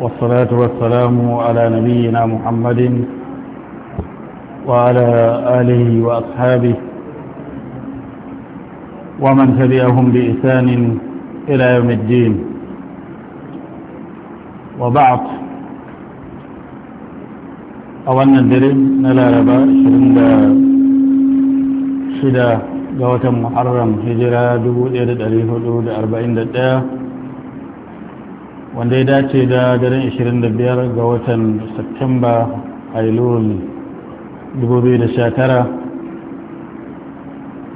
والصلاة والسلام على نبينا محمد وعلى آله وأصحابه ومن تبعهم بإحسان إلى يوم الدين وبعض أولنا الدرم نلا ربا شرند شدا قوة محرم هجرة دبو إيرد أليه دود أربعين دقاء wanda ya dace da garin 25 ga watan Satumba Ailul 2019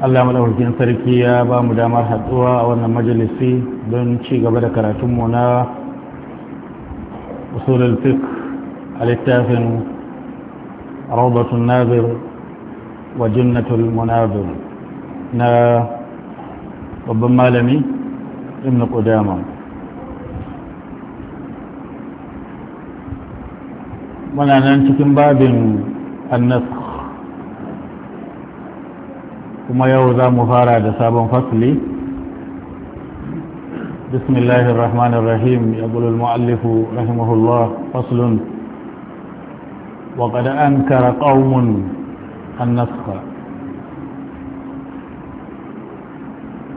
Allah madaukakin sarki ya ba mu damar haɗuwa a wannan majalisi don ci gaba da karatunmu na usulul fiqh a littafin rawdatun nazir wa jinnatul munazir na babban malami ibn qudamah muna nan cikin babin annasu kuma yau za mu fara da sabon fasili bismillahir rahmanir rahim ya gulul mu'allifu rahimahullah faslun wa kada an kara ƙaunun annasu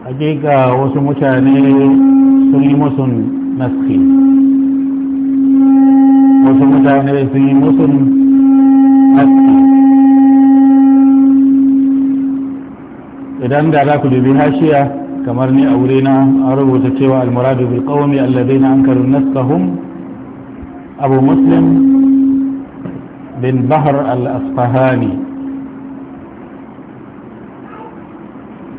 hakika wasu mutane sun yi musun naskin wasu mutane sun yi musun idan da za ku dubi hashiya kamar ni a wurina an rubuta cewa almuradu bil qawmi alladhina ankaru nasqahum abu muslim bin bahar al-asfahani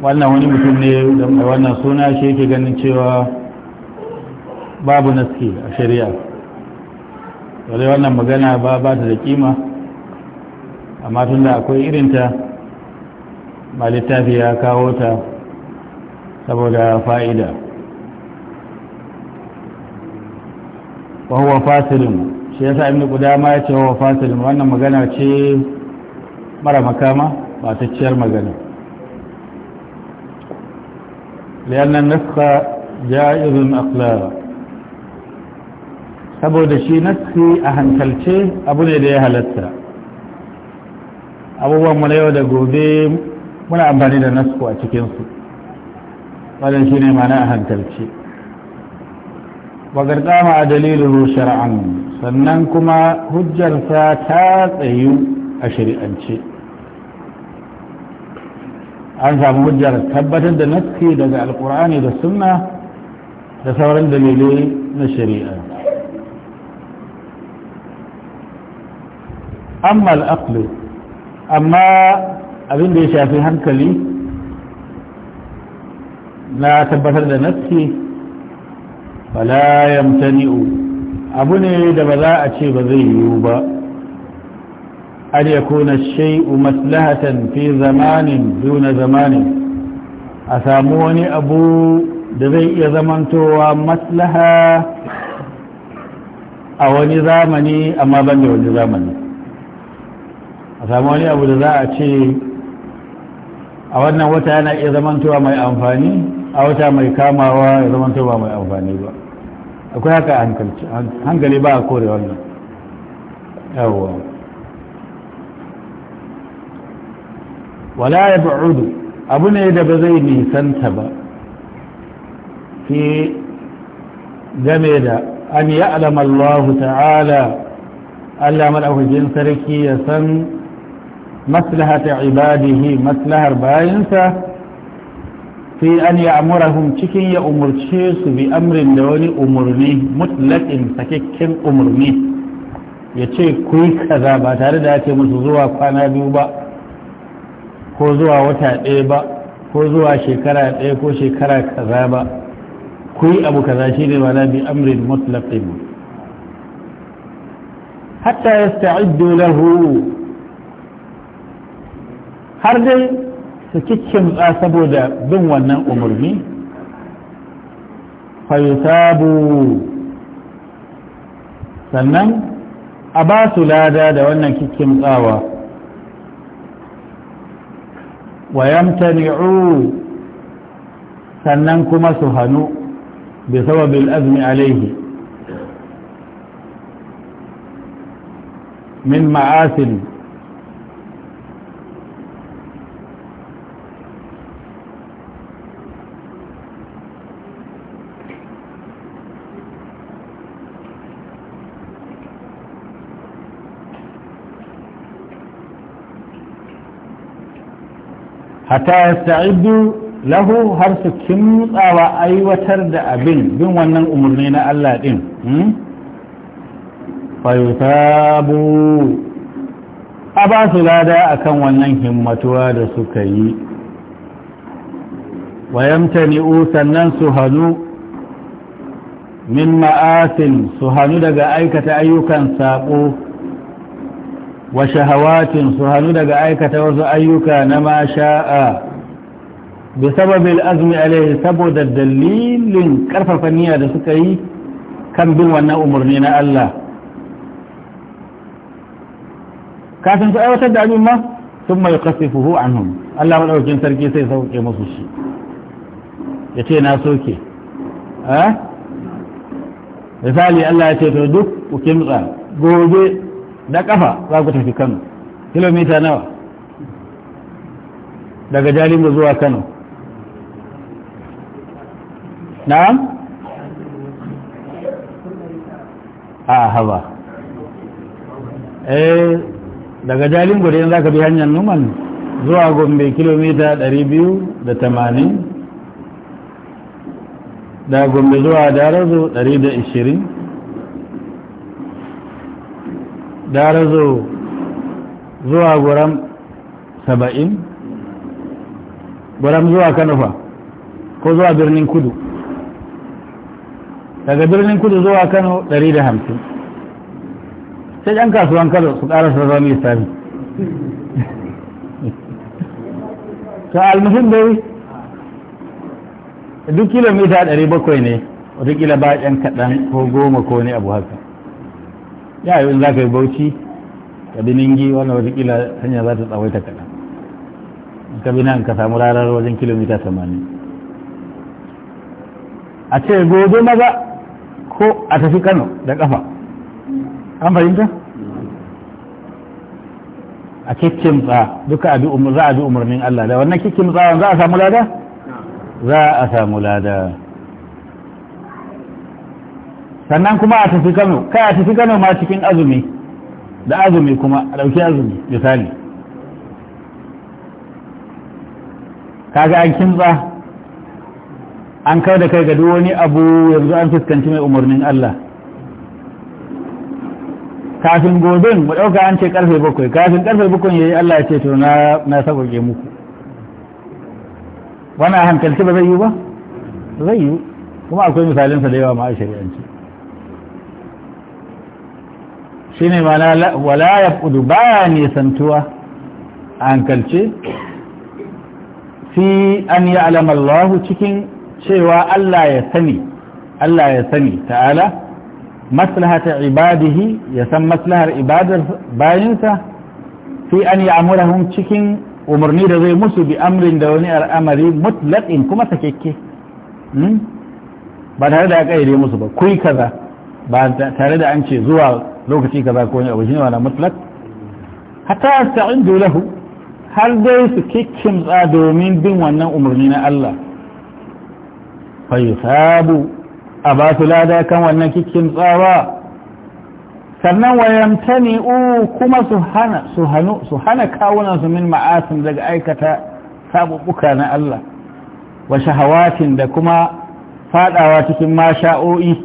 wannan wani mutum ne da wannan suna shi yake ganin cewa babu naski a shari'a wadai wannan magana ba ba ta da kima amma tun da akwai irinta ba littafi ya kawo ta saboda fa'ida wahuwa fasilin shi ya sa guda ma ya ce wahuwa fasilin wannan magana ce mara makama ba ta ciyar magana liyannan nuska ja'izun aklara saboda shi nassi a hankalce abu ne da ya halatta abubuwan mu na yau da gobe muna amfani da nasku a cikinsu wadda shi ne mana a hankalce wagarɗama a dalilin shar'an sannan kuma hujjarsa ta tsayu a shari'ance an samu hujjar tabbatar da nassi daga alkur'ani da sunna da sauran dalilai na shari'a amma al'aqlu amma abin da ya shafi hankali na tabbatar da nassi fala tani'u. abu ne da ba za a ce ba zai yiwu ba an yakuna shay'u maslahatan fi zamanin duna zamanin a samu wani abu da zai iya zamantowa maslaha a wani zamani amma ban da wani zamani a samu wani abu da za a ce a wannan wata yana iya zamantowa mai amfani a wata mai kamawa ya zamantowa mai amfani ba akwai haka hankali ba a kore wannan yawon wala ya ba'udu abu ne da ba zai nisanta ba fi game da an yi alamallahu ta'ala allah maɗaukakin sarki ya san Maslaha ta ibadi ibadihi maslahar bayansa sai an ya amura ya'murahum cikin ya umurce su bi amrin da wani umurni mutlaqin sakakken umarni ya ce ku yi kaza ba tare da ake musu zuwa kwana biyu ba ko zuwa wata ɗaya ba ko zuwa shekara ɗaya ko shekara kaza ba ku abu kaza shi ne wala bi amrin mutlaqin hatta yasta'iddu lahu har dai su kikkimtsa saboda bin wannan umarni sabu sannan a ba su lada da wannan kikkimtsawa wa ni'u sannan kuma su hannu bi sababil azmi alaihi min ma'asin hatta yasta'iddu lahu har su kimtsawa aiwatar da abin bin wannan umarni na Allah din hmm? fayusabu a ba su lada akan wannan himmatuwa da suka yi wayamtani'u sannan su hannu min ma'asin su hannu daga aikata ayyukan saƙo wa shahawatin su hannu daga aikata wasu ayyuka na ma sha'a bi sababil azumi alaihi saboda dalilin karfafa niyya da suka yi kan bin wannan umarni na Allah kafin su aiwatar da abin ma sun mai kasifuhu anhum Allah madaukakin sarki sai sauke musu shi ya ce na soke eh? misali Allah ya ce to duk ku kimtsa gobe na kafa za ku tafi kano kilomita nawa daga jalingo zuwa kano na'am a haba eh daga jalingo da za ka bi hanyar numan zuwa gombe kilomita 280 da gombe zuwa darazo 120 gara zo zuwa guram saba'in guram zuwa kanufa ko zuwa birnin kudu daga birnin kudu zuwa kano 150 sai yan kasuwan kano su ƙara sarrafa sami ta almuhim dai duk kilomita 700 ne watakila ba yan kaɗan ko goma ko ne abu haka ya yi za ka yi bauchi ka bi ningi wannan watakila hanya za ta tsawaita kaɗan ka bi nan ka samu rarar wajen kilomita tamanin a ce gobe maza ko a tafi kano da ƙafa an fahimta a kikkimtsa duka a za a bi umarnin Allah da wannan kikkimtsawan za a samu lada za a samu lada sannan kuma a tafi kano kai a tafi kano ma cikin azumi da azumi kuma a ɗauki azumi misali kaga an kimtsa an kai da kai ga duk wani abu yanzu an fuskanci mai umarnin Allah kafin gobe mu ɗauka an ce ƙarfe bakwai kafin ƙarfe bakwai ya yi Allah ya ce to na na ke muku wani a hankalci ba zai yi ba zai yi kuma akwai misalinsa da yawa ma a shari'anci shi ne mana wala ya fudu baya nisantuwa a hankalce fi an yi alamallahu cikin cewa Allah ya sani Allah ya sani ta'ala maslahata ibadihi ya san maslahar ibadar bayansa fi an yi amurahun cikin umarni da zai musu bi amrin da wani al'amari mutlaƙin kuma sakekke hmm? ba tare da ya musu ba kuyi kaza ba tare da an ce zuwa lokaci kaza ko wani abu shine wannan mutlak hatta asta'indu lahu har dai su kikin tsa domin bin wannan umarni na Allah fa yusabu a ba su lada kan wannan kikkin tsawa sannan wayamtani u kuma su hana su hanu su hana kawunan su min ma'asin daga aikata sabubuka na Allah wa shahawatin da kuma fadawa cikin masha'o'i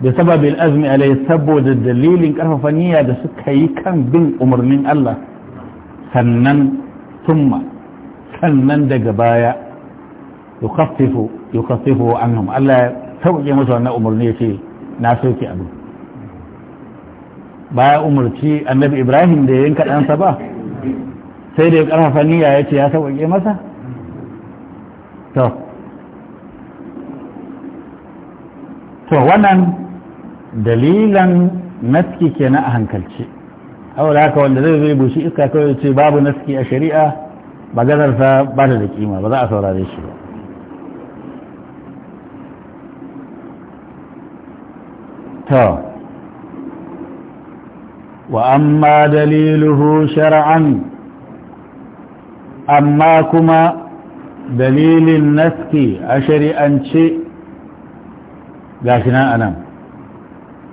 da sababin azumi alai saboda dalilin karfafa niyya da suka yi kan bin umarnin Allah sannan tumma sannan daga baya yukaffifu yukaffifu anhum Allah ya sauke musu wannan umarni yace na sauke abu baya umarci annabi Ibrahim da yanka ɗansa ba sai da ya karfafa niyya yace ya sauke masa to to wannan dalilan naski ke na a hankalce saboda haka wanda zai zai bushi iska kawai ce babu naski a shari'a maganarsa ba da kima ba za a saurare shi ba to wa amma daliluhu shar'an amma kuma dalilin naski a shari'ance gashi nan anan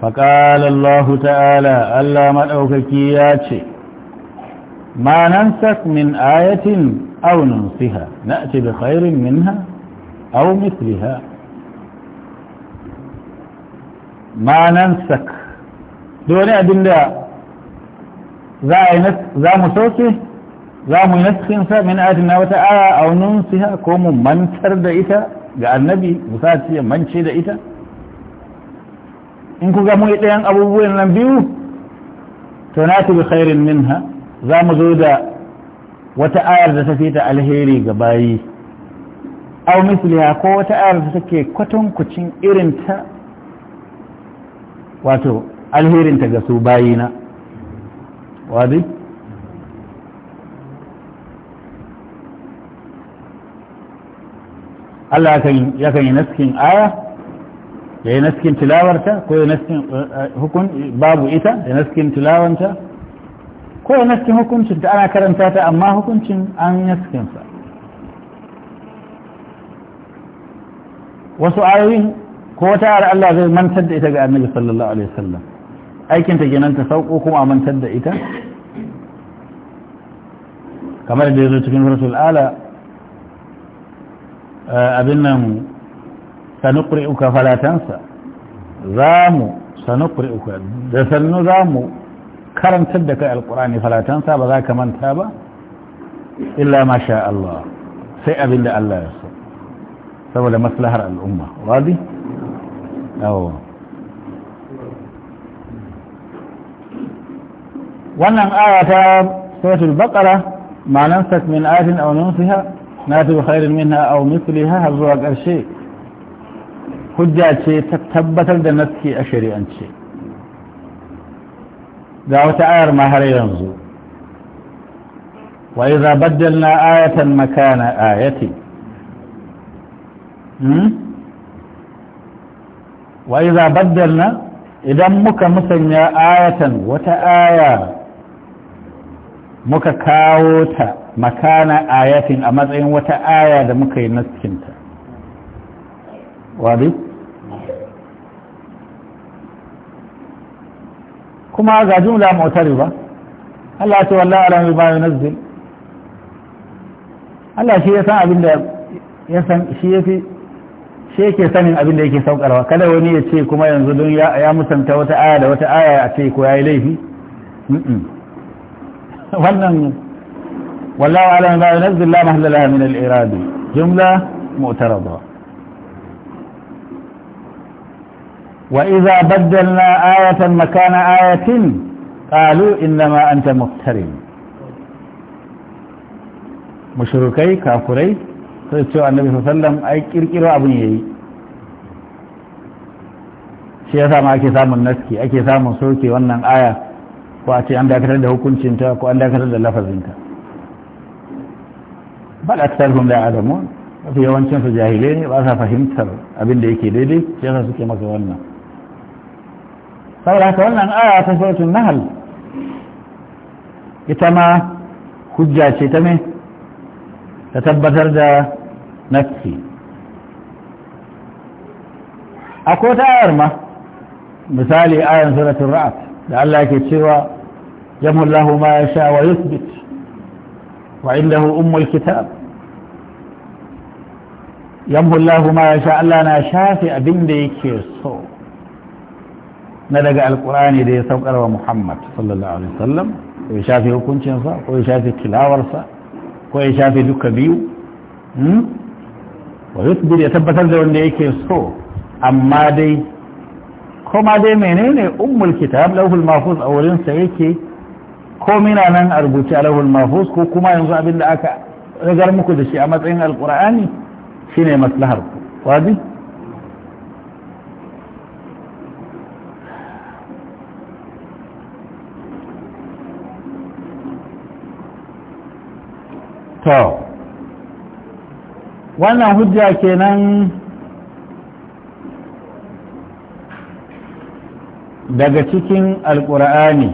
فقال الله تعالى ألا مدعوككي ياتي ما ننسك من آية أو ننسها نأتي بخير منها أو مثلها ما ننسك دوني أبن لها za mu soke za mu naskinsa min adina wata aya aunin siha ko mu mantar da ita ga annabi musa ce mance da ita in ku ga yi ɗayan abubuwan nan biyu to na bi khairin minha za mu zo da wata ayar da ta fi ta alheri ga bayi au misliha ko wata ayar da take irin irinta wato alherinta ga su bayina wadi Allah ya kan yi naskin aya ya yi naskin tilawarta ko ya naskin eh, eh, hukun babu ita ya naskin tilawanta ko ya naskin hukuncin ta ana karanta ta amma hukuncin an sa wasu ayoyin ko wata ara Allah zai mantar da ita ga annabi sallallahu alaihi wasallam aikinta kenan ta sauko kuma mantar da ita kamar da yazo zo cikin rasul ala eh, abin nan سنقرئك فلا تنسى زامو سنقرئك دسلن زامو كرم تدك القرآن فلا تنسى بذاك من تاب إلا ما شاء الله سيئة بالله الله يسر سبب مسلحة الأمة غادي أو وانا آية سورة البقرة ما ننسك من آية أو ننسها ناتي بخير منها أو مثلها هل زوج الشيء hujja ce ta tabbatar da naski a shari'ance ga wata ayar ma har yanzu wa iza baddalna ayatan makana ayati hmm? wa iza baddalna idan muka musanya ayatan wata aya muka kawo ta makana ayatin a matsayin wata aya da muka yi naskinta wadi kuma ga jumla mutari ba Allah ce wallahi ala bi ma nazzil Allah shi ya san abin da ya san shi yafi shi yake sanin abin da yake saukarwa kada wani ya ce kuma yanzu don ya musanta wata aya da wata aya a ce ko yayi laifi wannan wallahu ala bi ma nazzil la mahalla min al-iradi jumla mu'tarada وإذا بدلنا آية مكان آية قالوا إنما أنت مقترن مشركي كافري فإستوى النبي صلى الله عليه وسلم أي كيركيرو أبن يهي shi yasa ma ake samun naski ake samun soke wannan aya ko a ce an dakatar da hukuncinta ko an dakatar da lafazinta bal aksarhum la adamun mafi yawancin su jahilai ne ba sa fahimtar abin da yake daidai shi suke masa wannan saboda haka wannan aya ta sautin nahal ita ma hujja ce ta me ta tabbatar da nafi A ta ayar ma misali ayar suratun ra'ad da Allah ke cewa yamullahu ma ya sha wa yusbit wa indahu ummul kitab ma ya sha Allah na shafi abin da yake so na daga alkurani da ya saukar wa muhammad sallallahu alaihi wasallam ko ya shafi hukuncinsa ko ya shafi tilawarsa ko ya shafi duka biyu hmm? wa yusbir ya tabbatar da wanda yake so amma dai ko ma dai menene ummul kitab lauhul mahfuz a wurin sa yake ko mina nan a rubuce a lauhul mahfuz ko kuma yanzu abin da aka rigar muku da shi a matsayin alkur'ani shine maslahar ku wadi to wannan hujja kenan daga cikin alkur'ani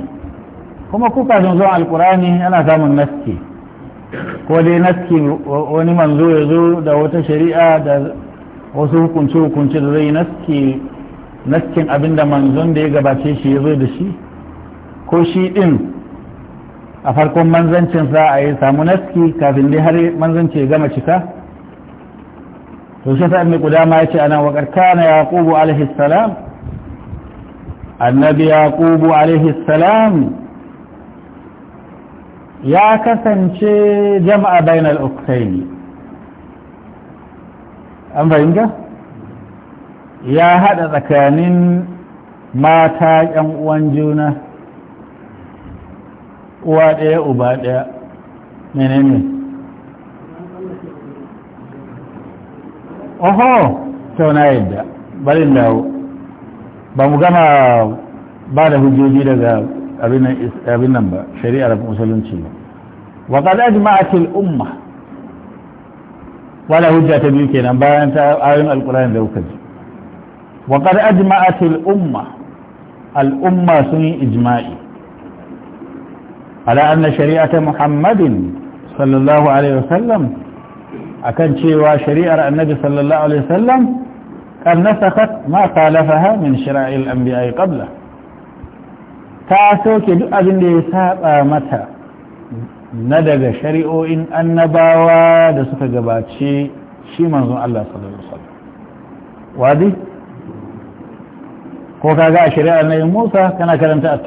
kuma ku sun zo alkur'ani yana samun naski ko dai naski wani manzo ya zo da wata shari'a da wasu hukunce-hukunce da zai naski naskin abinda manzon da ya gabace shi ya zo da shi ko shi din a farkon manzancin za a yi samu naski kafin dai har manzanci ya gama cika to shi sa mai kudama ya ce ana waƙar kana yaqubu alaihi salam annabi yaqubu alaihi salam ya kasance jama'a bainal uktaini an fahimta ya haɗa tsakanin mata 'yan uwan juna uwa ɗaya uba ɗaya menene oho Kyau na yadda barin dawo ba mu gama ba da hujjoji daga abin nan ba shari'ar musulunci ba wa qad ajma'at al-umma wala hujja ta biyu kenan bayan ta ayoyin alqur'ani da kuka ji wa qad ajma'at a umma al-umma sun yi على أن شريعة محمد صلى الله عليه وسلم أكن شيوى شريعة النبي صلى الله عليه وسلم قد نسخت ما خالفها من شرائع الأنبياء قبله تعسوك أبن ليساب متى ندق شريعو إن النباوى دسك قبات شي شي منظم الله صلى الله عليه وسلم وادي ko kaga a shari'ar nayin Musa kana karanta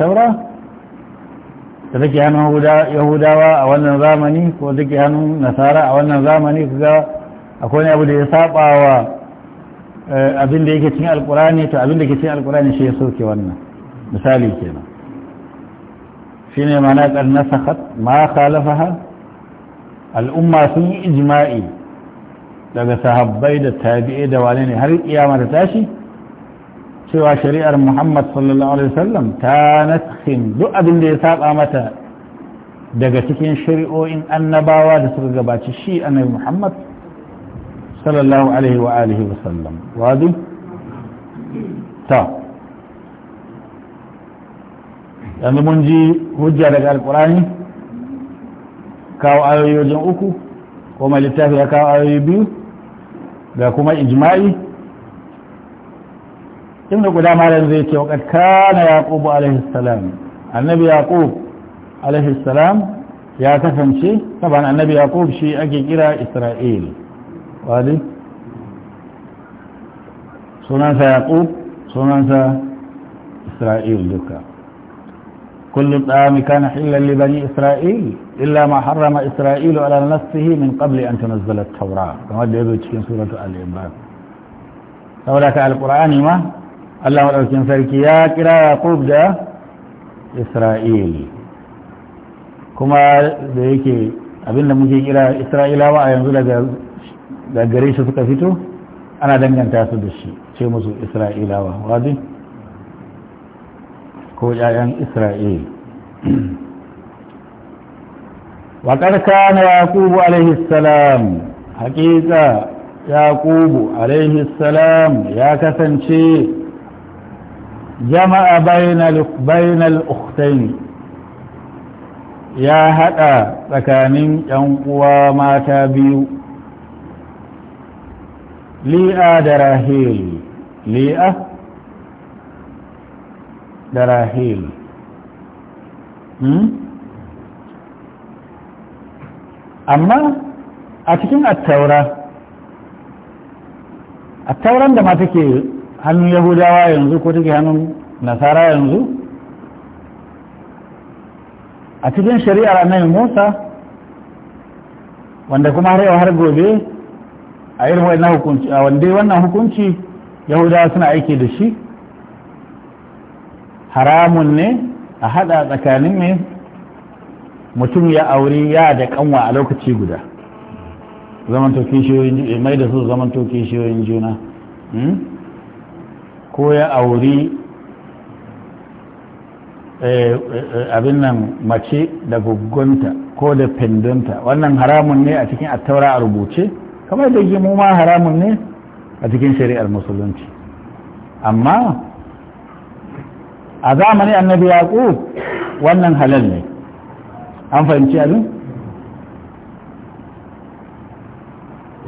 da take hannun yahudawa a wannan zamani ko take hannun nasara a wannan zamani ga akwai wani abu da ya saba wa eh, abin da yake cin alkurani to abin da ke cin alkurani shi ya soke wannan misali kenan ne mana kan nasakhat ma khalafaha al'umma sun yi ijma'i daga sahabbai da tabi'i da wani ne har kiyama ta tashi cewa shari'ar muhammad sallallahu alaihi wasallam ta nassin duk abin da ya saba mata daga cikin shari'o'in annabawa da suka gabaci shi annabi muhammad sallallahu alaihi wa alihi wasallam wadu ta yanzu mun ji hujja daga alkurani kawo ayoyi wajen uku kuma littafi ya kawo ayoyi biyu ga kuma ijma'i inda guda malam zai ce waƙar kana yaƙubu alaihissalam annabi yaƙub alaihissalam ya kasance saban annabi yaƙub shi ake kira isra'il wadi sunansa yaƙub sunansa isra'il duka kullum ɗami kana hillar libani isra'il illa ma harrama isra'ilu ala nafsihi min qabli an tunazzala taura kamar da ya zo cikin suratu al-imran saboda ka alƙur'ani ma Allah maɗaukin sarki ya kira Yaqub da Isra'il kuma da yake abinda muke kira Isra'ilawa a yanzu daga gare shi suka fito ana danganta su da shi ce musu Isra'ilawa wadi ko ‘ya'yan Isra'il waƙar kana Yaqubu alaihi salam haƙiƙa Yaqubu salam ya kasance jama'a bainal ukhtaini ya haɗa tsakanin yan uwa mata biyu li'a da rahil li'a da rahil amma a cikin attaura attauran da ma take hannun yahudawa yanzu ko take hannun nasara yanzu a cikin shari'ar annabi musa wanda kuma har yau har gobe a irin wannan hukunci a wanda wannan hukunci yahudawa suna aiki da shi haramun ne a hada tsakanin ne mutum ya auri ya da kanwa a lokaci guda zaman to kishiyoyin mai da su zamantokin to juna hmm? ko ya auri eh, eh, abin nan mace da gugunta ko da pendonta wannan haramun ne a cikin attaura a rubuce kamar da yi ma haramun ne a cikin shari'ar musulunci amma a zamani annabi yaƙo wannan halal ne an fahimci abin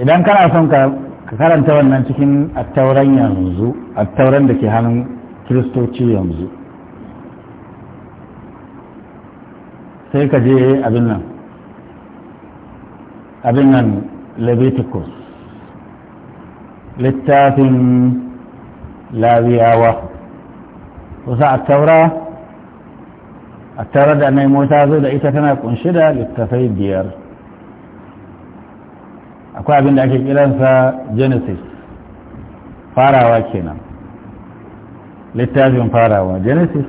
idan kana son ka ka karanta wannan cikin attauran yanzu attauran da ke hannun kiristoci yanzu sai ka je abin nan abin nan leviticus littafin lawiyawa kusa attaura attaura da mai mota zo da ita tana kunshi da littafai biyar akwai abin da ake kiransa genesis farawa kenan littafin farawa genesis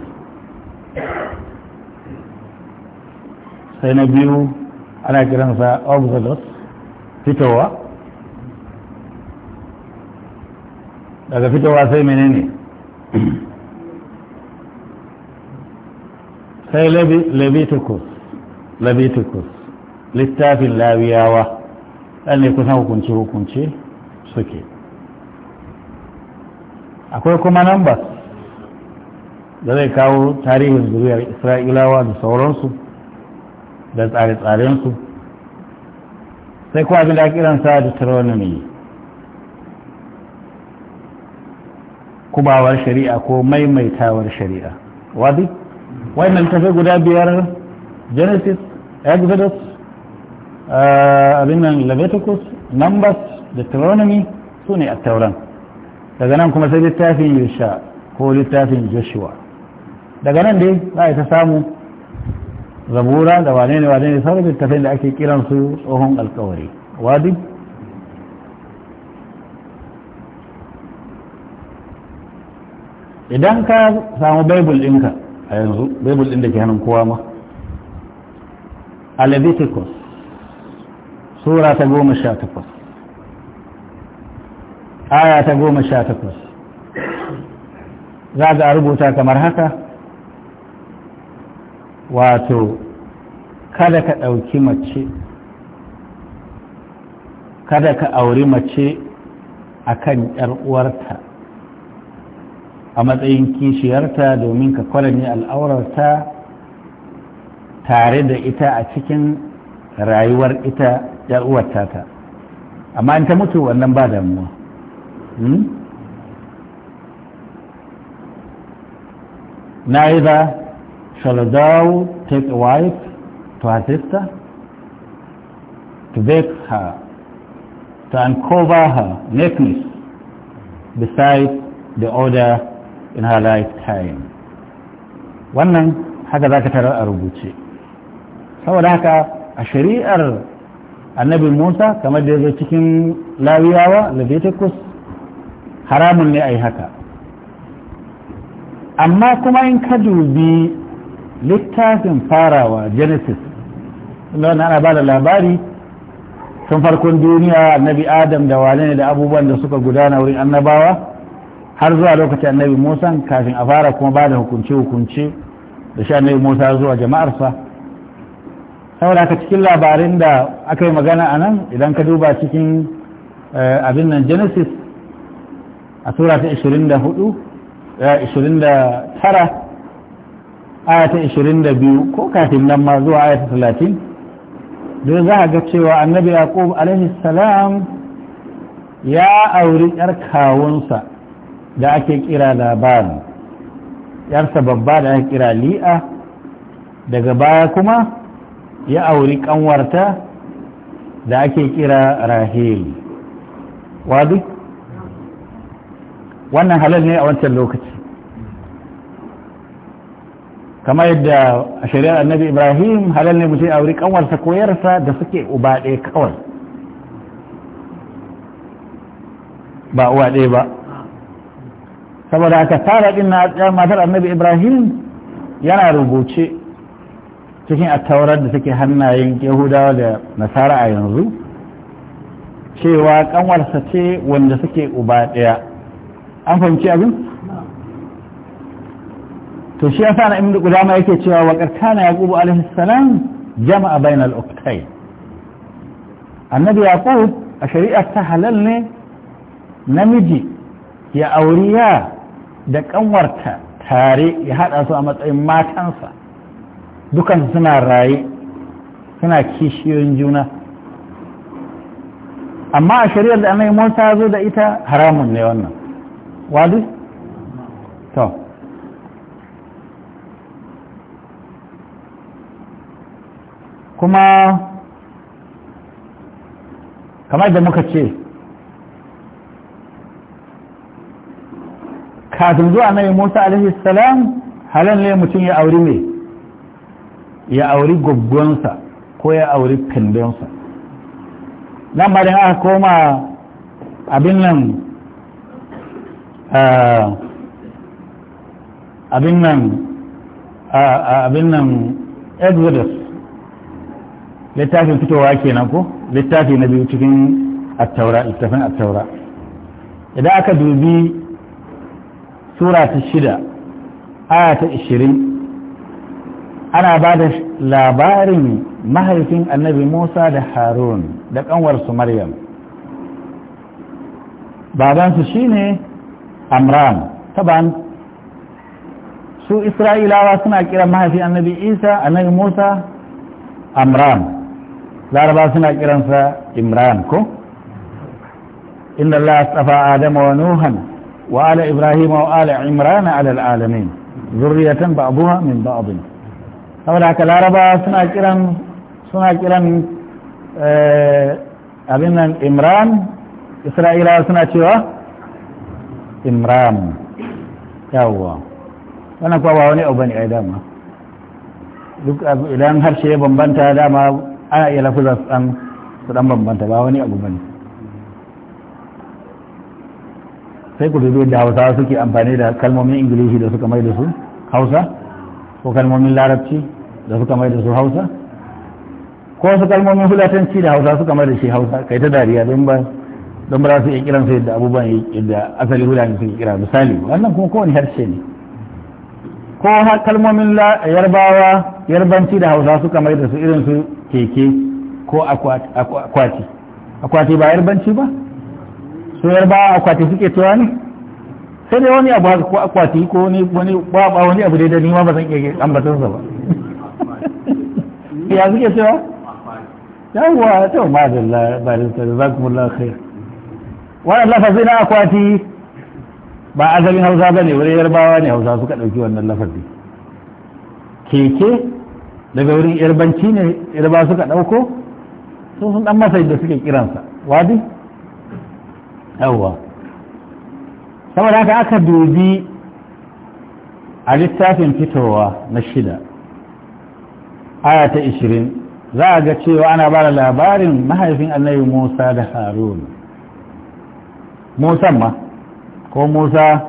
sai na biyu ana kiransa obsolus fitowa daga fitowa sai menene sai leviticus leviticus littafin lawiyawa ɗan ne kusan hukunce-hukunce suke akwai kuma nambas da zai kawo tarihin zuriyar isra'ilawa da sauransu da tsare-tsarensu sai kuma abin da kiransa ne kubawar shari'a ko maimaitawar shari'a wadi wannan tafi guda biyar genesis exodus Ah, abin nan Leviticus Numbers Deuteronomy su ne a tauran daga nan kuma sai littafin Yusha ko littafin Joshua daga nan dai za a ta samu zabura da wane ne wane ne sauran littafin da ake kiransu tsohon alkawari wadi idan ka samu baibul ɗinka a yanzu baibul ɗin da ke hannun kowa ma a Leviticus sura ta goma sha takwas aya ta goma sha takwas za ga rubuta kamar haka wato kada ka ɗauki mace kada ka auri mace a kan uwarta a matsayin kishiyarta domin ka kwalani al'aurarta tare da ita a cikin rayuwar ita yar uwar tata amma in ta mutu wannan ba damuwa hmm? neither shall thou take a wife to her sister to vex her to uncover her nakedness beside the order in her lifetime wannan haka za ka tarar a rubuce saboda haka a shari'ar annabi musa kamar da ya cikin lawiyawa leviticus haramun ne a haka amma kuma in ka dubi littafin farawa genesis wanda ana ba da labari tun farkon duniya annabi adam da wane ne da abubuwan da suka gudana wurin annabawa har zuwa lokacin annabi musa kafin a fara kuma ba da hukunce-hukunce da shi annabi musa zuwa jama'arsa saboda haka cikin labarin da aka yi magana a nan idan ka duba cikin eh, abin nan genesis a tura ta 24 29 eh, aya ta 22 ko kafin nan ma zuwa aya ta 30 don za a ga cewa annabi yaqub alaihi salam ya auri yar kawunsa da ake kira labarin yarsa babba da ake kira li'a daga baya kuma ya auri kanwarta da ake kira rahil wadu wannan halal ne a wancan lokaci kamar yadda a shari'ar annabi ibrahim halal ne mutum auri kanwarsa koyarsa da suke uba ɗaya kawai ba uwa ɗaya ba saboda haka tara ɗin na matar annabi ibrahim yana rubuce cikin attaurar da suke hannayen yahudawa da nasara a yanzu cewa kanwarsa ce wanda suke uba ɗaya an fahimci abin to shi yasa na ibnu qudama yake cewa wakar kana ya alaihi salam jama'a bainal uqtay annabi yaqub a shari'ar ta halal ne namiji ya auriya da kanwarta tare ya haɗa su a matsayin matansa dukan suna raye suna kishiyoyin juna amma a shari'ar da anayi mota zo da ita haramun ne wannan wadu to kuma kamar da muka ce kafin zuwa annabi mota alaihi salam ne mutum ya auri mai ya auri gwaggwansa ko ya auri kandonsa nan ba da aka koma abin nan eh, abin nan eh, abin nan exodus littafin fitowa kenan ko littafi na biyu cikin attaura littafin attaura idan aka dubi sura ta shida aya ta ishirin ana ba da labarin mahaifin annabi musa da harun da ƙanwarsu maryam babansu shine amram taban su isra'ilawa suna kira mahaifin annabi isa annabi musa amram laraba suna kiransa imran ko inda allah tsafa adama wa nuhan wa ala ibrahim wa ala imran ala al'alamin zurriyatan ba'duha min ba'din saboda haka laraba suna kiran suna kiran eh, abin nan imran isra'ila suna cewa imran yawwa wannan kuwa ba wani abu ne a dama duk idan harshe ya bambanta dama ana iya lafuzar su dan bambanta ba wani abu bane sai ku dubi da hausawa suke amfani da kalmomin ingilishi da suka mai da su hausa ko kalmomin larabci da suka mai da su hausa ko su kalmomin fulatanci da hausa suka mai da shi hausa kai ta dariya don ba don ba za su iya kiran su yadda abubuwan yadda asali hulani suke kira misali wannan kuma kowane harshe ne ko kalmomin yarbawa yarbanci da hausa suka mai da su irin su keke ko akwati akwati ba yarbanci ba su yarbawa akwati suke tuwa ne sai dai wani abu haka ko akwati ko wani wani abu da ni ma ba zan iya ambatar sa ba ya suke cewa yawwa ta ma da Allah barin sa jazakumullahu khair wannan lafazi na akwati ba azalin Hausa ba ne wurin Yarbawa ne Hausa suka ɗauki wannan lafazi keke daga wurin Yarbanci ne Yarbawa suka ɗauko sun sun ɗan masa yadda suke kiransa wadi yawwa saboda haka aka dubi a littafin fitowa na shida aya ta 20 za a ga cewa ana ba da labarin mahaifin annabi musa da harun Musa ma ko musa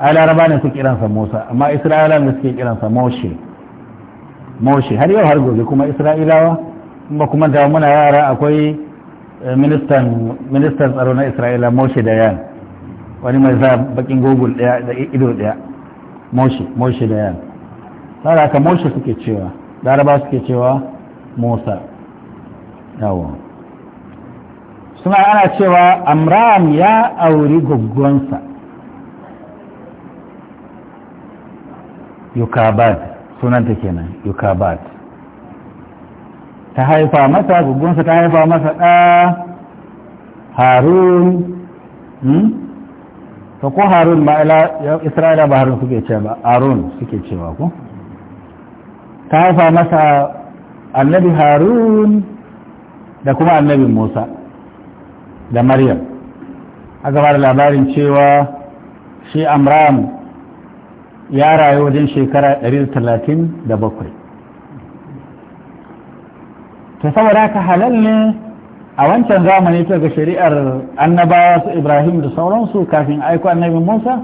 a laraba ne suke kiransa musa amma isra'ila ne suke kiransa moshe moshe har yau har gobe kuma isra'ilawa kuma kuma da muna yara akwai eh, ministan tsaro na isra'ila moshe da yan wani mai za bakin gogul daya da ido daya moshe moshe da yan tsara ka moshe suke cewa daraba suke cewa musa yawon suna ana cewa amram ya auri gugguwansa yukabat sunanta kenan yukabat ta haifa masa gugguwansa ta haifa masa ɗa harun hmm? ta ko harun ba isra'ila ba harun suke cewa ba harun suke cewa ko ta haifa masa annabi harun da kuma annabi musa da maryam a gabar labarin cewa shi amram ya rayu wajen shekara 137 ta saboda ka halal ne a wancan zamani ta ga shari'ar annabawa su ibrahim da sauransu kafin aiko annabi musa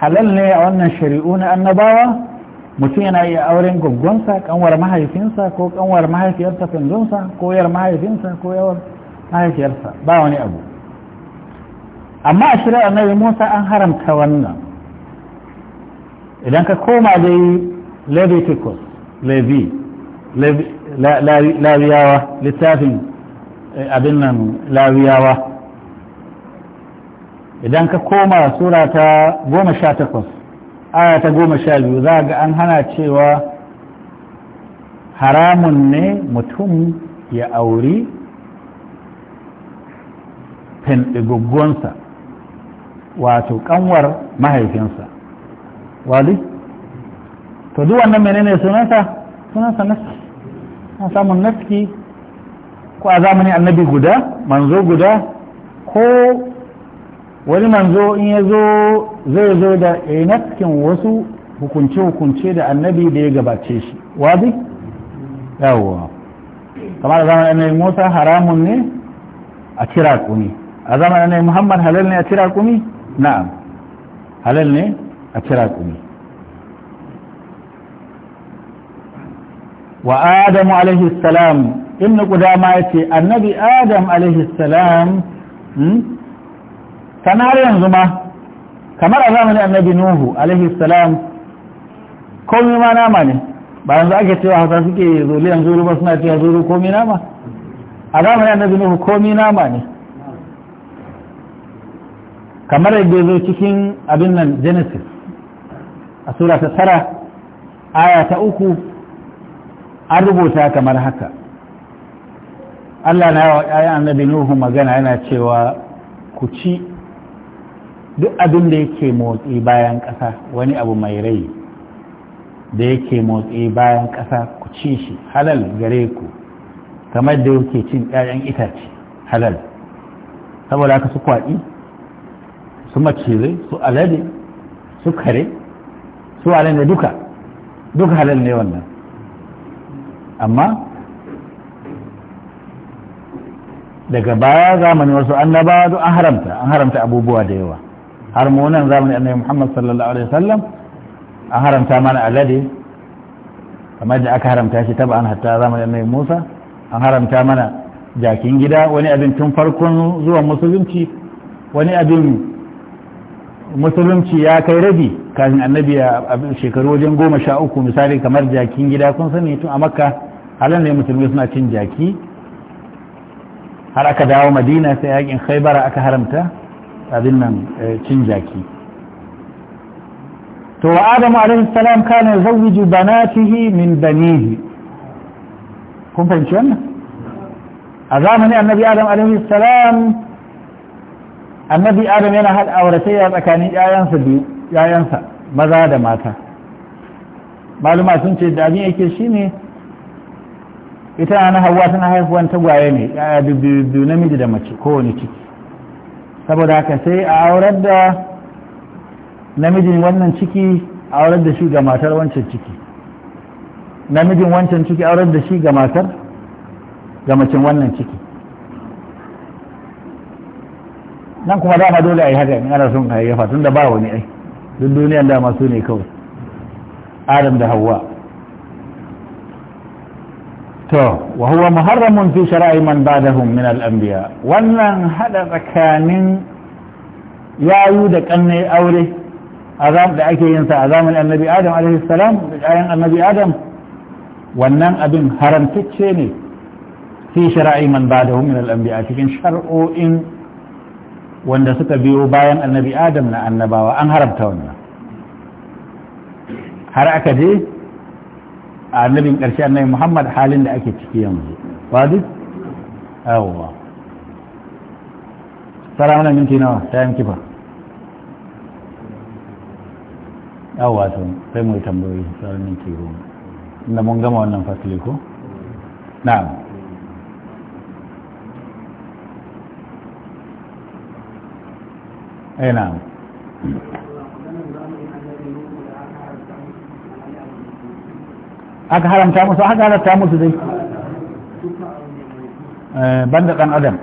halal ne a wannan shari'u na annabawa mutum yana iya auren gwaggonsa kanwar mahaifinsa ko kanwar mahaifiyarsa kanzonsa ko yar mahaifinsa ko yawar mahaifiyarsa ba wani abu amma a shirar annabi musa an haramta wannan idan ka koma dai leviticus levi lariyawa littafin eh, abin nan lariyawa idan ka koma sura ta goma sha takwas aya ta goma sha biyu za ga an hana cewa haramun ne mutum ya auri fendiguggonsa wato kanwar mahaifinsa wali to duk wannan menene sunansa sunansa naski an samun naski ko a zamanin annabi guda manzo guda ko wani manzo in ya zo zai zo da inatkin wasu hukunce-hukunce da annabi da ya gabace shi wazi? yawwa kamar zaman annabi musa haramun ne a kira kuni a zaman annabi muhammad halal ne a kira kuni na'am halal ne a kira kuni wa adamu alaihi salam ibn ya yace annabi adam alaihi salam hmm? kamar yanzu ma kamar a zamanin annabi nuhu alaihi salam komi ma nama ne ba yanzu ake cewa hausa suke zoliyan zuru ba suna cewa zuru komi nama a zamanin annabi nuhu komi nama ne kamar yadda zo cikin abin nan genesis a sura ta tara aya ta uku an rubuta kamar haka Allah na yawa ‘ya'yan annabi Nuhu magana yana cewa ku ci duk abin da yake motsi bayan ƙasa wani abu mai rai da yake motsi bayan ƙasa ku ci shi halal gare ku kamar da yake cin 'ya'yan itace halal saboda haka su kwaɗi su macizai su alade su kare su alade duka duka halal ne wannan amma daga baya zamanin wasu annabawa an haramta an haramta abubuwa da yawa har mu nan annabi Muhammad sallallahu alaihi wasallam an haramta mana alade kamar da aka haramta shi taba an hatta zamani annabi Musa an haramta mana jakin gida wani abin tun farkon zuwan musulunci wani abin musulunci ya kai rabi kafin annabi a shekaru wajen goma sha uku misali kamar jakin gida kun sani tun a makka halin ne musulmi suna cin jaki har aka dawo madina sai yakin khaibara aka haramta abin nan eh, cin jaki to wa adamu alaihi salam kana zawiju banatihi min banihi kun fahimci wannan a zamanin annabi adam alaihi salam annabi adam yana haɗa auratayya tsakanin yayansa biyu yayansa maza da mata maluma sun ce da abin yake shine ita na hawa tana haifuwan tagwaye ne yaya biyu namiji da mace kowane ciki saboda haka sai a aurar da namijin wannan ciki a aurar da shi ga matar wancan ciki namijin wancan ciki aurar da shi ga matar ga macin wannan ciki nan kuma dama dole a yi haka in ana son hayayyafa tun da ba wani ai duk duniyan dama su ne kawai adam da hawa to wa huwa muharramun fi shara'i man ba'dahum min al-anbiya wannan hada tsakanin yayu da kannai aure azam da ake yin sa a azamin annabi adam alaihi salam da kayan annabi adam wannan abin haramtacce ne fi shara'i man ba'dahum min al-anbiya cikin shar'o'in wanda suka biyo bayan annabi adam na annabawa an haramta wannan har aka je A annabin ƙarshe annabi Muhammad halin da ake ciki yanzu ba duk yawwa tsara mana minti nawa ta yanki kifa yawwa to sai mu yi tambayoyi tsara minti goma inda mun gama wannan fasili ko na'am ai eh, na'am aka haramta musu aka halatta musu dai eh, banda ɗan adam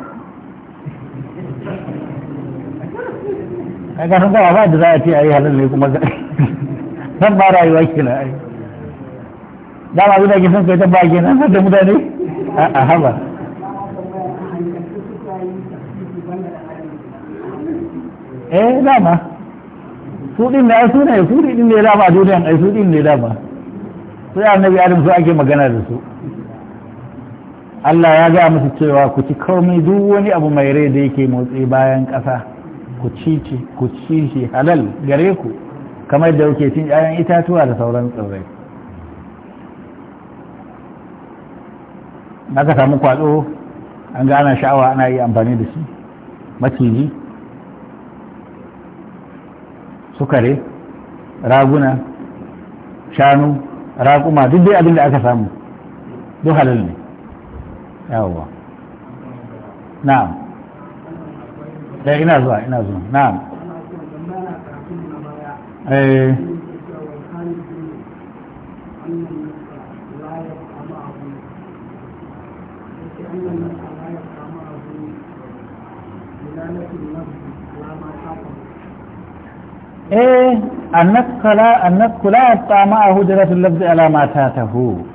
a ga gawa ba da za a ce a yi halin ne kuma zan ba rayuwa ke na ai dama guda ke sun kai ta bage nan har da mutane a haba eh dama su din da su ne su din ne dama duniyan ai su din ne dama sai annabi adam su ake magana da su Allah ya gaya musu cewa ku ci kaumi duk wani abu mai rai da yake motsi bayan kasa ku ci ku ci shi halal gare ku kamar da kuke cin 'ya'yan itatuwa da sauran tsirrai naka samu kwaɗo an ga ana sha'awa ana yi amfani da shi maciji sukare raguna shanu raƙuma duk dai abin da aka samu duk halal ne yawwa na'am da eh, ina zuwa ina zuwa na'am eh eh annas kula ya tsama a hujjaratun lafzi alamata ta hu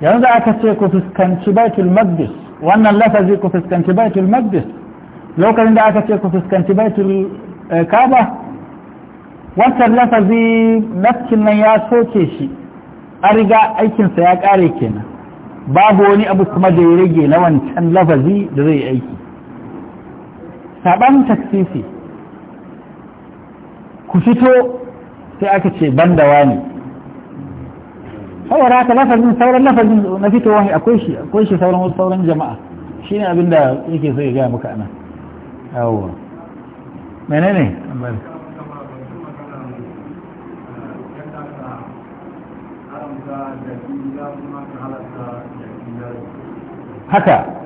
yanzu aka ce ku fuskanci baitul maqdis wannan lafazi ku fuskanci baitul maqdis lokacin da aka ce ku fuskanci baitul eh, kaba wancan lafazi naskin nan ya soke shi an riga aikinsa ya kare kenan babu wani abu kuma da ya rage na wancan lafazi da zai aiki saban taksisi ku fito sai aka ce banda wani saboda haka lafazin sauran lafazin na fito wani akwai shi akwai shi sauran wasu sauran jama'a shi abin da yake sai ya gaya maka ana Mene menene haka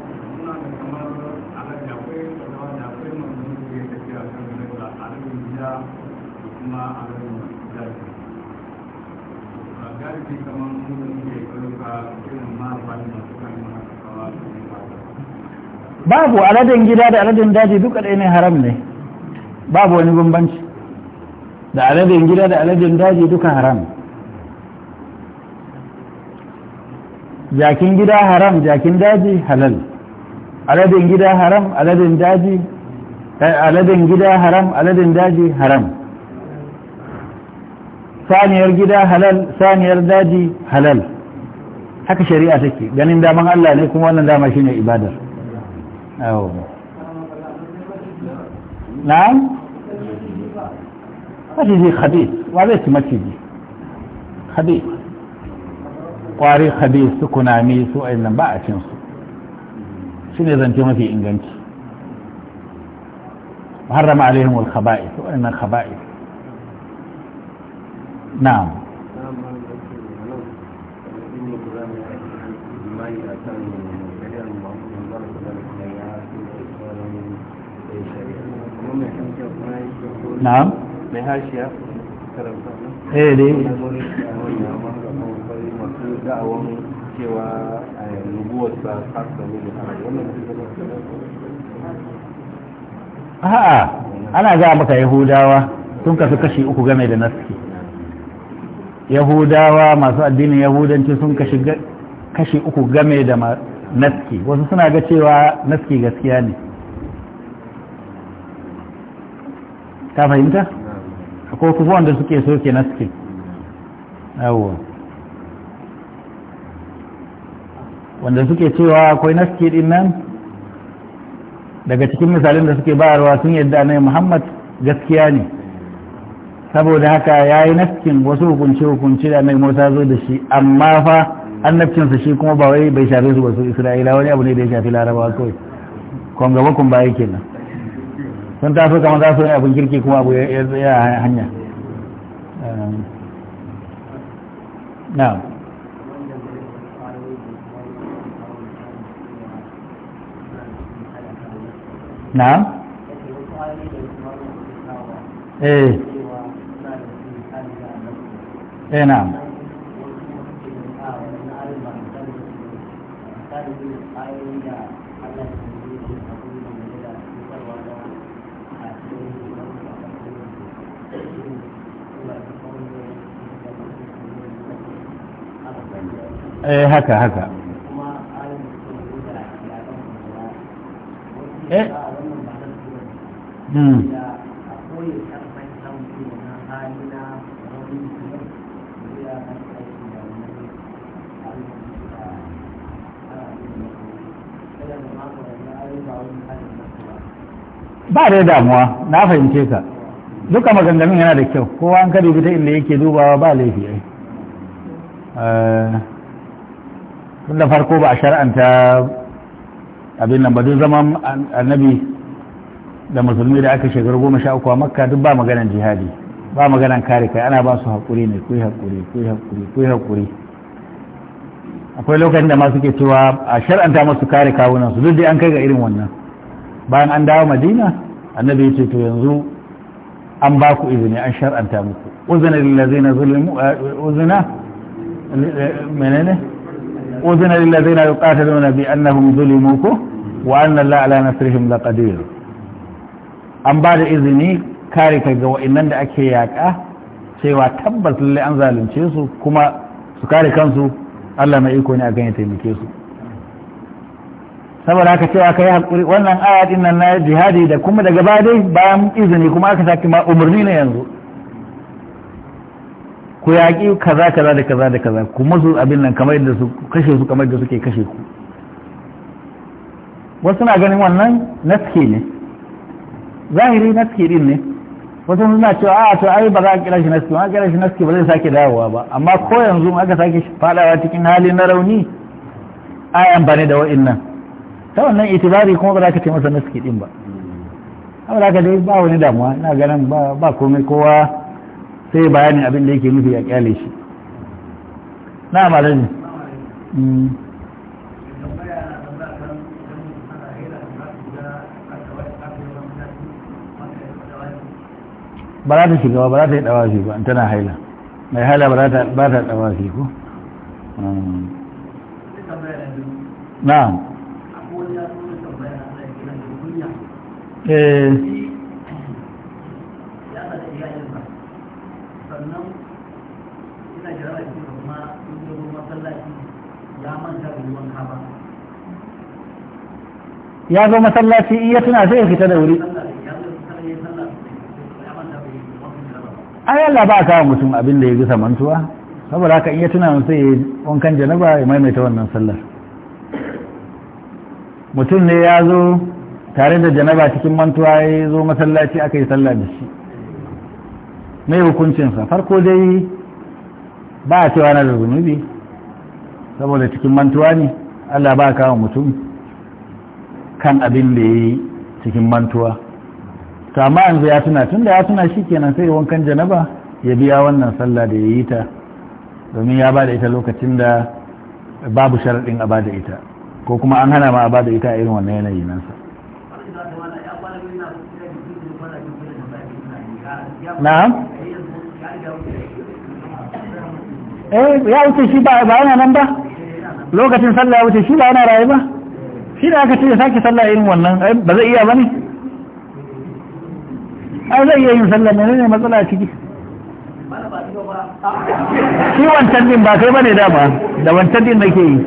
zama a garin a garfi kamar irin da suka yi babu aladin gida da aladin daji duka ɗaya ne haram ne babu wani bambanci da aladin gida da aladin daji duka haram jakin gida haram jakin daji halal aladin gida haram aladin daji eh, aladin gida haram aladin daji haram saniyar gida halal saniyar daji halal haka shari'a take ganin daman Allah ne kuma wannan dama shine ibadar na'am maciji khabis wa zai ci maciji khabis kwari khabis su kunami su ainihin ba a cin su shi ne zance mafi inganci harrama alaihimul khaba'i su ainihin khaba'i na'am na'am eh, a a'a ana ga maka yahudawa sun kasu kashi uku game da naski yahudawa masu addinin yahudanci sun kashi uku game da naski wasu suna ga cewa naski gaskiya ne ka fahimta? akwai kufu wanda suke soke naski yawo wanda suke cewa akwai naski din nan daga cikin misalin da suke bayarwa sun yadda na muhammad gaskiya ne saboda haka ya yi nafkin wasu hukunce-hukunce da mai musa zo da shi amma fa an su shi kuma ba wai bai shafe su wasu isra'ila wani abu ne da ya shafi larabawa kawai kwan gaba kun baya kenan sun taso kamar za su yi abin kirki kuma abu ya tsaya hanya na um, na eh eh na'am eh, haka haka eh hmm da damuwa na fahimce ka duka maganganun yana da kyau kowa an kadi fita inda yake dubawa ba laifi ai eh, tun da farko ba a shar'anta abin nan ba duk zaman annabi da musulmi da aka shekaru goma sha uku a makka duk ba maganan jihadi ba maganan kare kai ana ba su haƙuri ne ku yi haƙuri ku yi haƙuri ku yi haƙuri akwai lokacin da ma suke cewa a shar'anta masu kare kawunan su duk dai an kai ga irin wannan bayan an dawo madina annabi ya ce to yanzu an ba ku izini an shar'anta muku uzina lillazina zulimu eh, uzina menene uzina lillazina yuqataluna bi annahum zulimu ku wa anna allaha ala nasrihim laqadir an ba da izini kare kai ga wa'annan da ake yaka cewa tabbas lallai an zalunce su kuma su kare kansu Allah mai iko ne a ya taimake su saboda haka cewa kai hakuri wannan aya din nan na jihadi da kuma daga ba dai bayan izini kuma aka saki ma umarni ne yanzu ku yaƙi kaza kaza da kaza da kaza ku musu abin nan kamar da su kashe su kamar da suke kashe ku wasu na ganin wannan naske ne zahiri naske din ne wasu suna cewa a to ai ba za a kira shi naske ba kira shi naske ba zai sake dawowa ba amma ko yanzu aka sake fadawa cikin hali na rauni ayan bane da wa'in nan ta wannan itibari kuma ba za ka taimaka masa naski din ba amma za ka dai ba wani damuwa ina ganin ba komai kowa sai bayanin abin da yake nufi a kyale shi na malami mm. ba za ta shiga ba za ta yi dawa dawafi ba tana haila mai haila ba za ta dawa dawafi ko mm. na'am Eh. ya zo masallaci iya tuna zai ya fita da wuri A yalla ba kawo mutum abin da ya gusa mantuwa saboda haka iya tuna sai ya wankan janaba ya maimaita wannan sallar mutum ne ya zo tare da janaba cikin mantuwa ya zo masallaci aka yi sallah da shi mai hukuncinsa farko dai ba a cewa na da zunubi saboda cikin mantuwa ne allah ba kawo mutum kan abin da ya yi cikin mantuwa to amma yanzu ya tuna tun da ya tuna shi kenan sai wankan janaba ya biya wannan sallah da ya yi ta domin ya ba da ita lokacin da babu sharaɗin a ba da ita ko kuma an hana ma a ba da ita a irin wannan yanayi sa. na'am eh ya wuce shi ba ba yana nan ba lokacin sallah ya wuce shi ba yana raye ba shi da aka ce ya sake sallah yin wannan eh, ba zai iya ba ne ai zai iya yin sallah ne ne matsala ciki shi wancan din ba kai bane dama da wancan din nake yi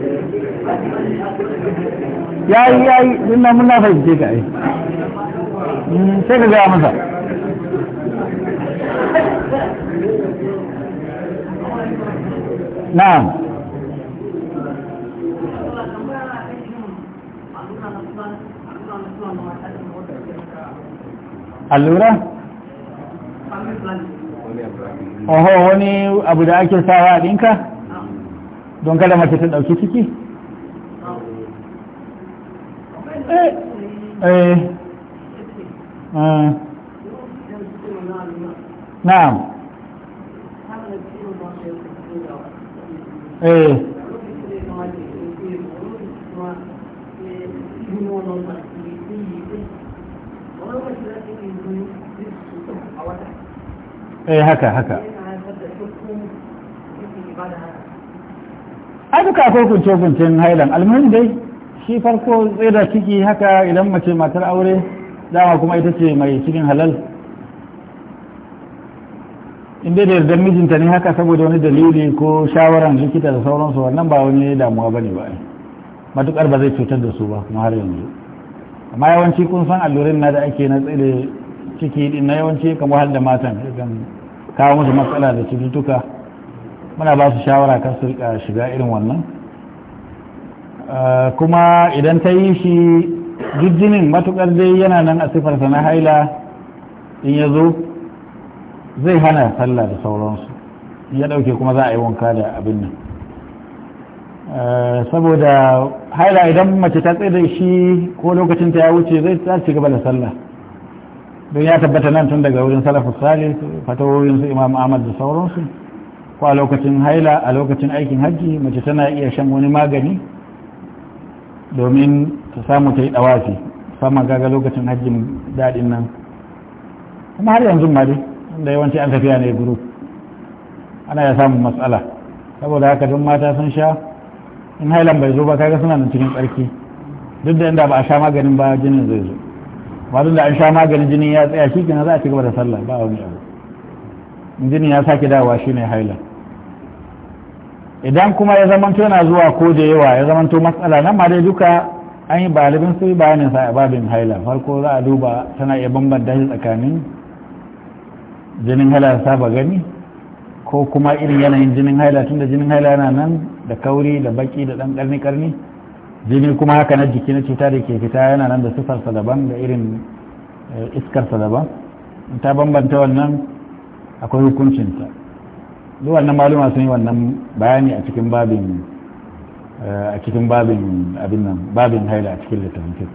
yayi yayi din nan mun na fahimce ka ai eh. mm, sai ka gaya masa na'am allura? oho wani abu da ake sawa a ɗinka? don kada mace ta ɗauki ciki? eh eh ah. na'am eh, eh ai duka akwai kunce-kuncen hailan almuhim dai shi farko tsaye da ciki haka idan mace matar aure dama kuma ita ce mai cikin halal in dai da yardar mijinta ne haka saboda wani dalili ko shawaran likita da sauransu wannan ba wani damuwa ba ne ba matukar ba zai cutar da su ba kuma har yanzu amma yawanci kun san allurin na da ake na tsire ciki din na yawanci kan wahal da matan kan kawo musu matsala da cututtuka muna ba su shawara kan su rika shiga irin wannan ah, kuma idan ta yi shi jijjinin matukar dai yana nan a sifarsa na haila in ya zo zai hana sallah da sauransu ya dauke kuma za a yi wanka da abin nan eh, saboda haila idan mace ta tsaye da shi ko lokacin ta ya wuce zai ta ci gaba da sallah don ya tabbata nan tun daga wurin salafus salih fatawoyin su imam ahmad da sauransu ko a lokacin haila a lokacin aikin hajji mace tana iya shan wani magani domin ta samu ta yi dawafi sama gaga lokacin hajjin daɗin nan kuma har yanzu ma dai da yawanci an tafiya ne guru ana ya samun matsala saboda haka duk mata sun sha in hailan bai zo ba kaga suna nan cikin tsarki duk da inda ba a sha maganin ba jinin zai zo ba duk da an sha maganin jinin ya tsaya shi kenan za a ci gaba da sallah ba wani abu jinin ya sake dawowa ne hailan idan kuma ya zamanto yana zuwa ko da yawa ya zamanto matsala nan ma dai duka an yi balibin su bayanin sa a babin haila farko za a duba tana iya bambanta shi tsakanin jinin haila saba gani ko kuma irin yanayin jinin haila tunda jinin haila yana nan da kauri da baki da dan karni karni jini kuma haka na jiki na cuta da ke fita yana nan da sifarsa daban da irin eh, iskarsa daban ta bambanta wannan akwai hukuncinta duk wannan maluma sun yi wannan bayani a cikin babin eh, a cikin babin abin nan babin haila a cikin littattafai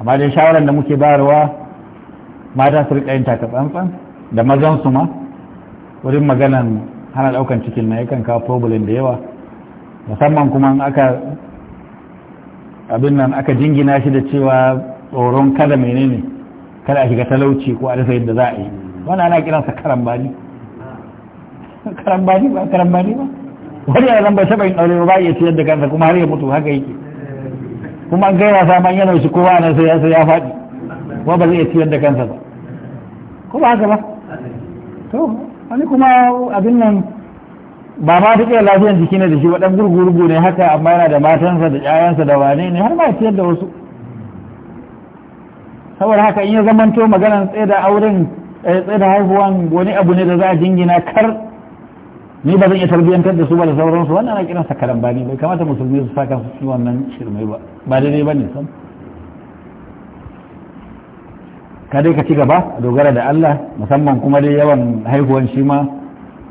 amma dai shawaran da muke bayarwa mata su riƙa yin tsantsan da mazan su ma wurin maganan hana daukan cikin na yakan kawo problem da yawa musamman kuma aka abin nan aka jingina shi da cewa tsoron kada menene kada a shiga talauci ko a rasa yadda za a yi wani ana kiransa karambani karambani ba karambani ba wani ya zan ba taɓa yin aure ba ya ciyar da kansa kuma har ya mutu haka yake kuma an gaira sa man yana shi kowa na sai ya ya faɗi kuma ba zai iya ciyar da kansa ba ko ba haka ba to wani kuma abin nan ba ma ta kira lafiyar jiki ne da shi waɗan gurgurgu ne haka amma yana da matansa da ƴaƴansa da wane ne har ma ciyar da wasu saboda haka in ya zamanto maganar tsaye da auren eh, tsaye da haihuwan wani abu ne da za a jingina kar ni ba zan iya tarbiyyantar da su ba da sauransu wannan ana kiransa karambani bai kamata musulmi su saka su wannan shirmai ba ba daidai ba ne sam ka dai ka ci gaba dogara da Allah musamman kuma dai yawan haihuwan shi ma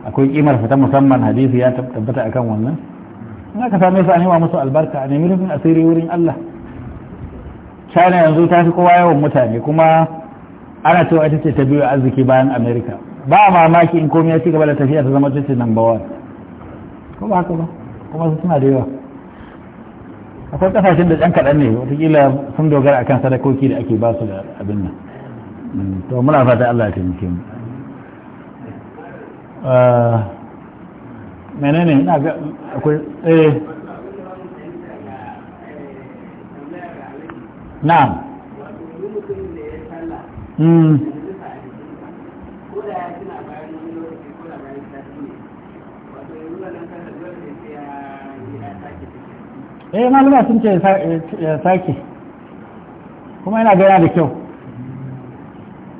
akwai kimar ta musamman hadisi ya tabbata akan wannan in aka same su a nema musu albarka a nemi rufin asiri wurin Allah China yanzu ta fi kowa yawan mutane kuma ana cewa ita ce ta biyu arziki bayan America ba mamaki in komai ya ci gaba da tafiya ta zama ce number one ko ba haka ba kuma su suna da yawa akwai kasashen da ɗan kaɗan ne watakila sun dogara akan sadakoki da ake ba su da abin nan to muna fata Allah ya taimake mu ah, menene ina ga akwai eh na'am mm eh malama sun ce ya sake kuma yana gaya da kyau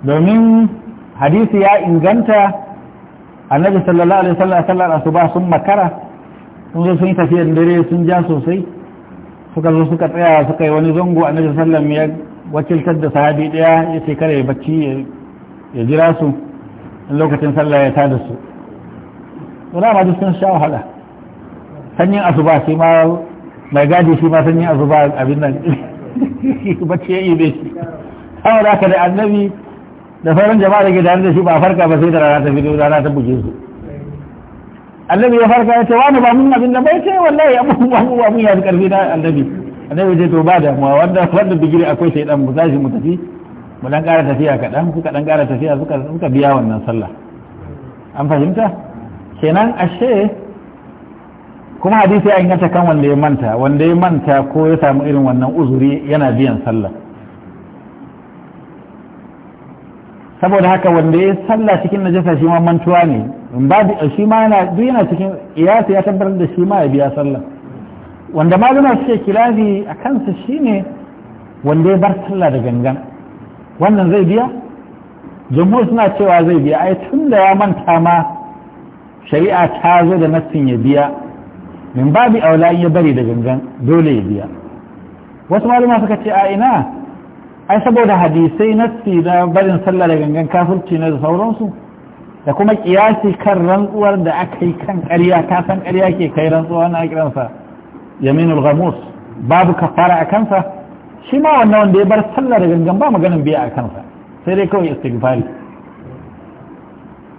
domin hadisi ya inganta annabi sallallahu alaihi wasallam sallar asuba sun makara sun zo sun tafi tafiyar dare sun ja sosai suka zo suka tsaya suka yi wani zango annabi sallam ya wakiltar da sahabi daya ya ce kare bacci ya jira su lokacin sallah ya tada su wala duk sun sha wahala sanyin asuba shi ma mai gadi shi ma sanyin asuba abin nan bacci ya ibe shi haka da annabi da sauran jama'a da ke tare da shi ba farka ba sai da rana ta fito rana ta buge su annabi ya farka ya ce wani ba mun abin da bai ce wallahi abubuwa mu ba mun ya fi karfi da annabi annabi ce to ba mu wanda wanda digiri akwai sai dan mu mu tafi mu dan ƙara tafiya kaɗan suka dan ƙara tafiya suka suka biya wannan sallah an fahimta kenan ashe kuma hadisi ya inganta kan wanda ya manta wanda ya manta ko ya samu irin wannan uzuri yana biyan sallah saboda haka wanda ya sallah cikin najasa shi ma mantuwa ne babu shi ma yana duk yana cikin iyasi ya tabbatar da shi ma ya biya sallah wanda maluma suke kilafi a kansa shine wanda ya bar sallah da gangan wannan zai biya Jamhur suna cewa zai biya ai tun da ya manta ma shari'a ta zo da nassin ya biya min babu aula ya bari da gangan dole ya biya wasu maluma suka ce a ina ai saboda hadisai na na barin sallah da gangan kafirci na da sauransu da kuma kiyasi kan rantsuwar da aka yi kan ƙarya ta san ƙarya ke kai rantsuwa na kiransa yaminul ghamus babu kafara a kansa shi ma wannan wanda ya bar sallah da gangan ba maganin biya a kansa sai dai kawai istighfari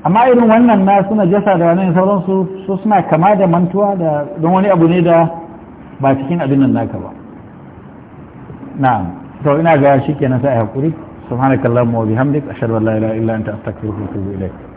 amma irin wannan na suna jasa da wani sauransu su suna kama da mantuwa da don wani abu ne da ba cikin abin naka ba na'am to ina ga shi kenan sai a hakuri subhanakallahumma wa bihamdik ashhadu an la ilaha illa anta astaghfiruka wa atubu ilaik